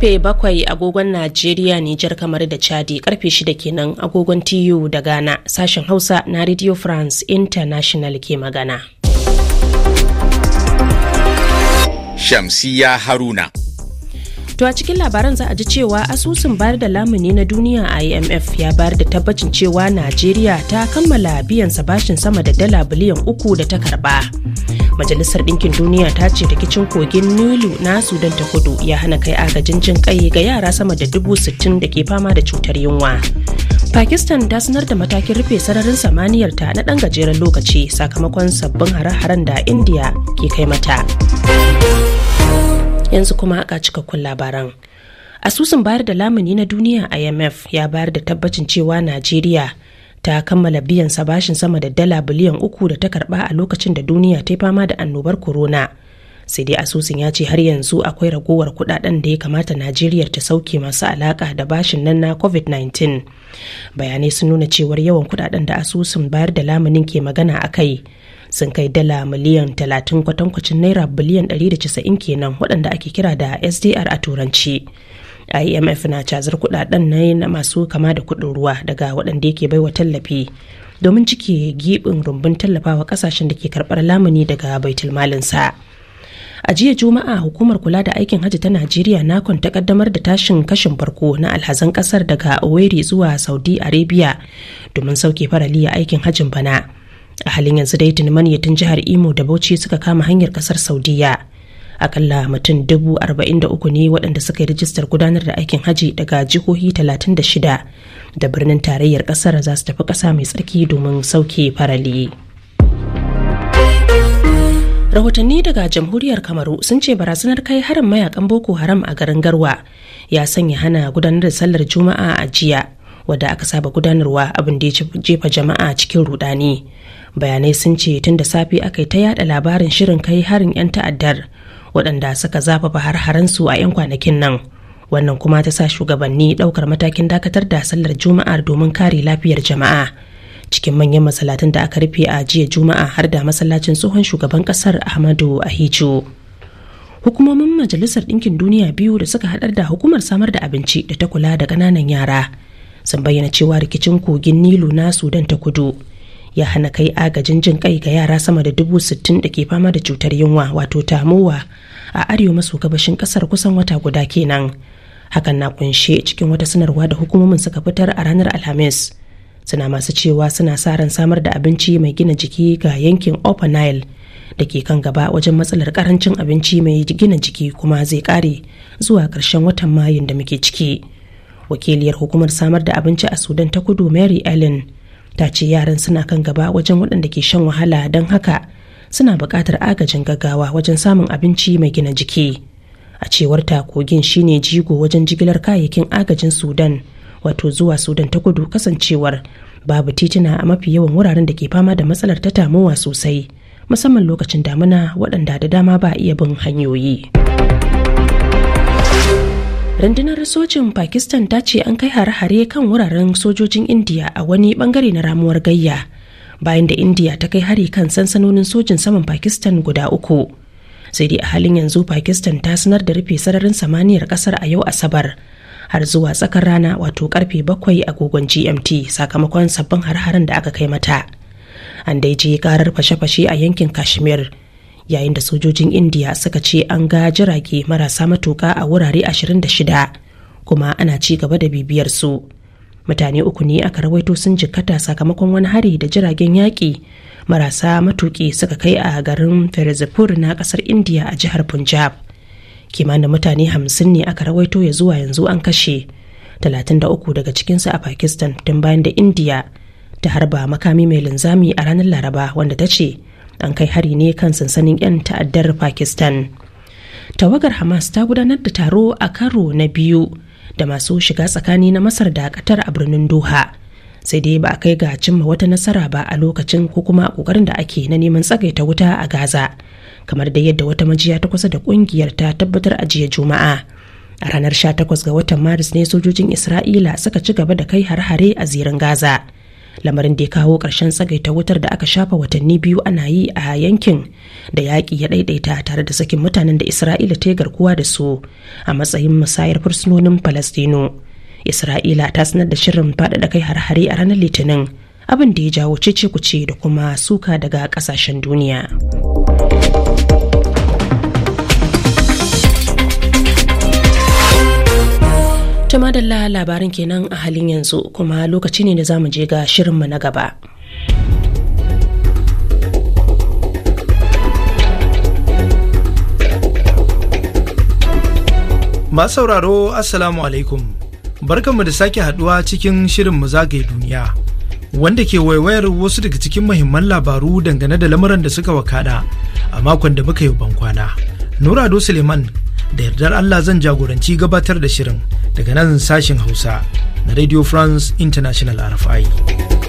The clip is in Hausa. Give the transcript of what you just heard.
karfe bakwai agogon Najeriya Nijar kamar da Chadi karfe shida kenan agogon TU da Ghana sashen Hausa na Radio France International ke magana. Shamsiya Haruna To a cikin labaran za a ji cewa asusun bayar da lamuni na duniya IMF ya bayar da tabbacin cewa Najeriya ta kammala biyan bashin sama da dala biliyan uku da ta karba. majalisar ɗinkin duniya ta ce rikicin kogin nilu na sudan ta kudu ya hana kai agajin jin kai ga yara sama da dubu sittin da ke fama da cutar yunwa pakistan ta sanar da matakin rufe sararin samaniyarta na ɗan gajeren lokaci sakamakon sabbin hare-haren da india ke kai mata yanzu kuma ga cikakkun labaran asusun bayar da lamuni na duniya imf ya bayar da tabbacin cewa najeriya ta kammala biyan sa bashin sama da dala biliyan uku da ta karba a lokacin da duniya ta fama da annobar corona sai dai asusun ya ce har yanzu akwai ragowar kudaden da ya kamata najeriya ta sauke masu alaka da bashin nan na covid-19 bayanai sun nuna cewar yawan kudaden da asusun bayar da lamunin ke magana a kai sun kai dala miliyan 30 kwatankwacin naira biliyan 190 kenan waɗanda ake kira da sdr a turanci imf na cazar kudaden na na masu kama da kudin ruwa daga waɗanda yake baiwa tallafi domin cike gibin rumbun tallafawa kasashen da ke karɓar lamuni daga baitul malinsa a jiya juma'a hukumar kula da aikin hajji ta najeriya nakon ta kaddamar da tashin kashin farko na alhazan kasar daga oweri zuwa saudi arabia domin sauke farali a aikin hajjin bana a halin yanzu dai tuni yatin jihar imo da bauchi suka kama hanyar kasar saudiya akalla mutum dubu arba'in da uku ne waɗanda suka yi rijistar gudanar da aikin haji daga jihohi talatin da shida da birnin tarayyar ƙasar za su tafi ƙasa mai tsarki domin sauke farali. rahotanni daga jamhuriyar kamaru sun ce barazanar kai harin mayakan boko haram a garin garwa ya sanya hana gudanar da sallar juma'a a jiya wadda aka saba gudanarwa abin da ya jefa jama'a cikin rudani bayanai sun ce tun da safe aka yi ta yada labarin shirin kai harin 'yan ta'addar waɗanda suka zafafa har-haransu a 'yan kwanakin nan wannan kuma ta sa shugabanni ɗaukar matakin dakatar da sallar juma'a domin kare lafiyar jama'a cikin manyan masalatun da aka rufe a jiya juma'a har da masallacin tsohon shugaban ƙasar ahmadu ahiju hukumomin majalisar ɗinkin duniya biyu da suka haɗar da hukumar samar da abinci da ta kula da ƙananan yara sun bayyana cewa rikicin kogin nilu na sudan ta kudu ya hana kai agajin jin kai ga yara sama da dubu sittin da ke fama da cutar yunwa wato tamowa a arewa maso gabashin kasar kusan wata guda kenan hakan na kunshe cikin wata sanarwa da hukumomin suka fitar a ranar alhamis suna masu cewa suna sa ran samar da abinci mai gina jiki ga yankin upper da ke kan gaba wajen matsalar karancin abinci mai gina jiki kuma zai kare zuwa karshen watan mayun da muke ciki wakiliyar hukumar samar da abinci a sudan ta kudu mary ellen ta ce yaran suna kan gaba wajen waɗanda ke shan wahala don haka suna buƙatar agajin gaggawa wajen samun abinci mai gina jiki a cewar ta kogin shine jigo wajen jigilar kayayyakin agajin sudan wato zuwa sudan ta kudu kasancewar babu tituna a mafi yawan wuraren da ke fama da matsalar ta tamowa sosai musamman lokacin damina waɗanda da dama ba iya bin hanyoyi. rundunar sojin pakistan ta ce an kai hare-hare kan wuraren sojojin indiya a wani bangare na ramuwar gayya bayan da indiya ta kai hari kan sansanonin sojin saman pakistan guda uku sai dai a halin yanzu pakistan ta sanar da rufe sararin samaniyar kasar a yau asabar har zuwa tsakar rana wato karfe bakwai agogon gmt sakamakon sabbin har-haren da aka kai mata an dai je karar fashe-fashe a yankin kashmir yayin da sojojin indiya suka ce an ga jirage marasa matuka a wurare 26 kuma ana ci gaba da bibiyar su mutane uku ne aka rawaito sun jikkata sakamakon wani hari da jiragen yaƙi marasa matuki suka kai a garin ferizapur na ƙasar indiya a jihar punjab kimanin mutane hamsin ne aka rawaito ya zuwa yanzu an kashe 33 daga cikinsu a pakistan tun bayan da indiya ta harba makami mai linzami a ranar laraba wanda ta ce an kai hari ne kan sansanin 'yan ta'addar pakistan tawagar hamas ta gudanar da taro a karo na biyu da masu shiga tsakani na masar da katar a birnin doha sai dai ba a kai ga cimma wata nasara ba a lokacin ko kuma a kokarin da ake na neman tsagaita wuta a gaza kamar da yadda wata majiya ta kusa da kungiyar ta tabbatar a jiya juma'a a ranar 18 ga watan maris ne sojojin isra'ila suka ci gaba da kai har-hare a zirin gaza lamarin da ya kawo ƙarshen tsagaita wutar da aka shafa watanni biyu ana yi a yankin da yaƙi ya ɗaiɗaita tare da sakin mutanen da isra'ila ta yi garkuwa da su a matsayin musayar fursunonin palestino isra'ila ta sanar da shirin faɗaɗa kai har-hare a ranar litinin abin da ya jawo cece kuce da kuma suka daga ƙasashen duniya Tuma da labarin kenan a halin yanzu kuma lokaci ne da za mu je ga shirinmu na gaba. Masu sauraro Assalamu alaikum. Barkanmu da sake haduwa cikin shirin mu zagaye duniya wanda ke waiwayar wasu daga cikin muhimman labaru dangane da lamuran da suka wakada a makon da muka yi bankwana. Nura Ado Suleiman da yardar Allah zan jagoranci gabatar da shirin daga nan sashen Hausa na Radio France International RFI.